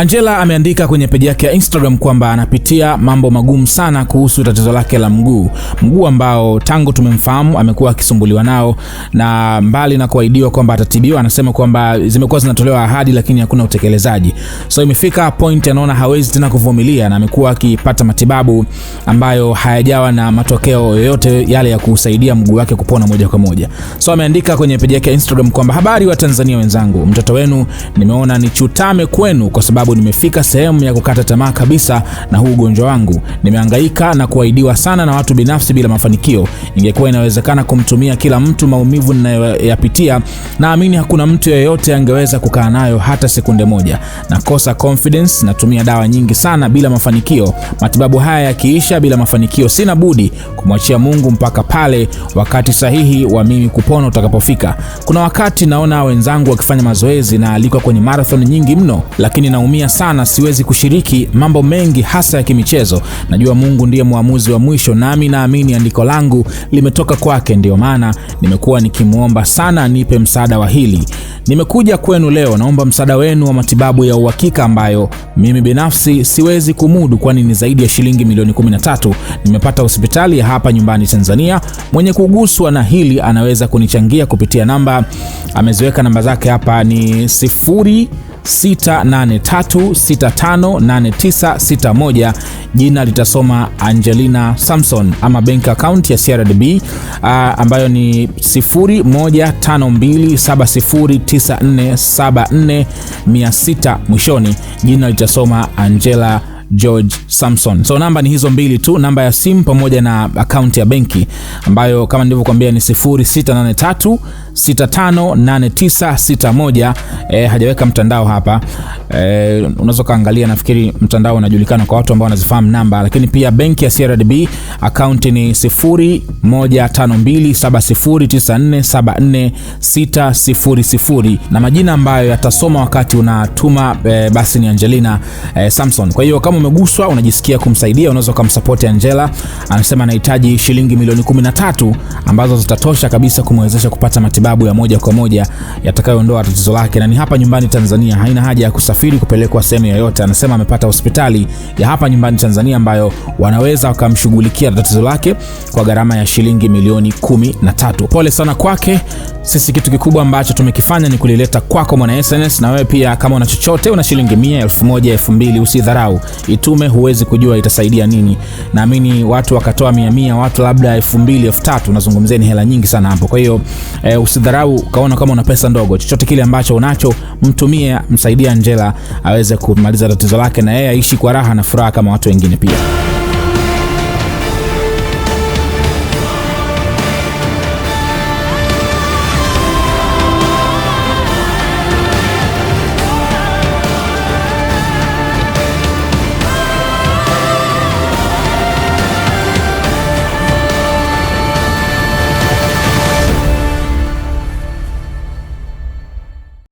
Angela ameandika kwenye peji yake ya Instagram kwamba anapitia mambo magumu sana kuhusu tatizo lake la mguu, mguu ambao tangu tumemfahamu amekuwa akisumbuliwa nao, na mbali na kuahidiwa kwamba atatibiwa, anasema kwamba zimekuwa zinatolewa ahadi lakini hakuna utekelezaji. So imefika point anaona hawezi tena kuvumilia, na amekuwa akipata matibabu ambayo hayajawa na matokeo yoyote yale ya kusaidia mguu wake kupona moja kwa moja. So ameandika kwenye peji yake ya Instagram kwamba habari wa Tanzania wenzangu, mtoto wenu nimeona chutame kwenu kwa sababu sababu nimefika sehemu ya kukata tamaa kabisa na huu ugonjwa wangu. Nimehangaika na kuahidiwa sana na watu binafsi bila mafanikio. Ingekuwa inawezekana kumtumia kila mtu maumivu ninayoyapitia, naamini hakuna mtu yeyote angeweza kukaa nayo hata sekunde moja. Nakosa confidence, natumia dawa nyingi sana bila mafanikio. Matibabu haya yakiisha bila mafanikio, sina budi kumwachia Mungu mpaka pale wakati sahihi wa mimi kupona utakapofika. Kuna wakati naona wenzangu wakifanya mazoezi na alikuwa kwenye marathon nyingi mno, lakini naumia naumia sana, siwezi kushiriki mambo mengi hasa ya kimichezo. Najua Mungu ndiye mwamuzi wa mwisho, nami naamini andiko langu limetoka kwake. Ndiyo maana nimekuwa nikimwomba sana nipe msaada wa hili. Nimekuja kwenu leo, naomba msaada wenu wa matibabu ya uhakika ambayo mimi binafsi siwezi kumudu, kwani ni zaidi ya shilingi milioni 13 nimepata hospitali ya hapa nyumbani Tanzania. Mwenye kuguswa na hili anaweza kunichangia kupitia namba, ameziweka namba zake hapa ni sifuri 683658961 jina litasoma Angelina Samson, ama bank account ya CRDB uh, ah, ambayo ni 0152709474 mwishoni jina litasoma Angela George Samson. So namba ni hizo mbili tu, namba ya simu pamoja na akaunti ya benki ambayo kama nilivyokuambia ni 0683 658961 e, eh, hajaweka mtandao hapa e, unaweza kaangalia, nafikiri mtandao unajulikana kwa watu ambao wanazifahamu namba, lakini pia benki ya CRDB akaunti ni 015270947460 na majina ambayo yatasoma wakati unatuma e, basi ni Angelina e, Samson. Kwa hiyo kama umeguswa unajisikia kumsaidia, unaweza kumsupport Angela. Anasema anahitaji shilingi milioni 13 ambazo zitatosha kabisa kumwezesha kupata matibabu matibabu ya moja kwa moja yatakayoondoa tatizo lake, na ni hapa nyumbani Tanzania, haina haja ya kusafiri kupelekwa sehemu yoyote. Anasema amepata hospitali ya hapa nyumbani Tanzania ambayo wanaweza wakamshughulikia tatizo lake kwa gharama ya shilingi milioni kumi na tatu. Pole sana kwake. Sisi kitu kikubwa ambacho tumekifanya ni kulileta kwako mwana SNS, na wewe pia kama una chochote, una shilingi mia, elfu moja, elfu mbili, usidharau, itume. Huwezi kujua itasaidia nini. Naamini watu wakatoa mia mia, watu labda elfu mbili, elfu tatu, unazungumzia ni hela nyingi sana hapo. Kwa hiyo eh, usidharau ukaona kama una pesa ndogo. Chochote kile ambacho unacho mtumie, msaidia Angela aweze kumaliza tatizo lake na yeye aishi kwa raha na furaha kama watu wengine pia.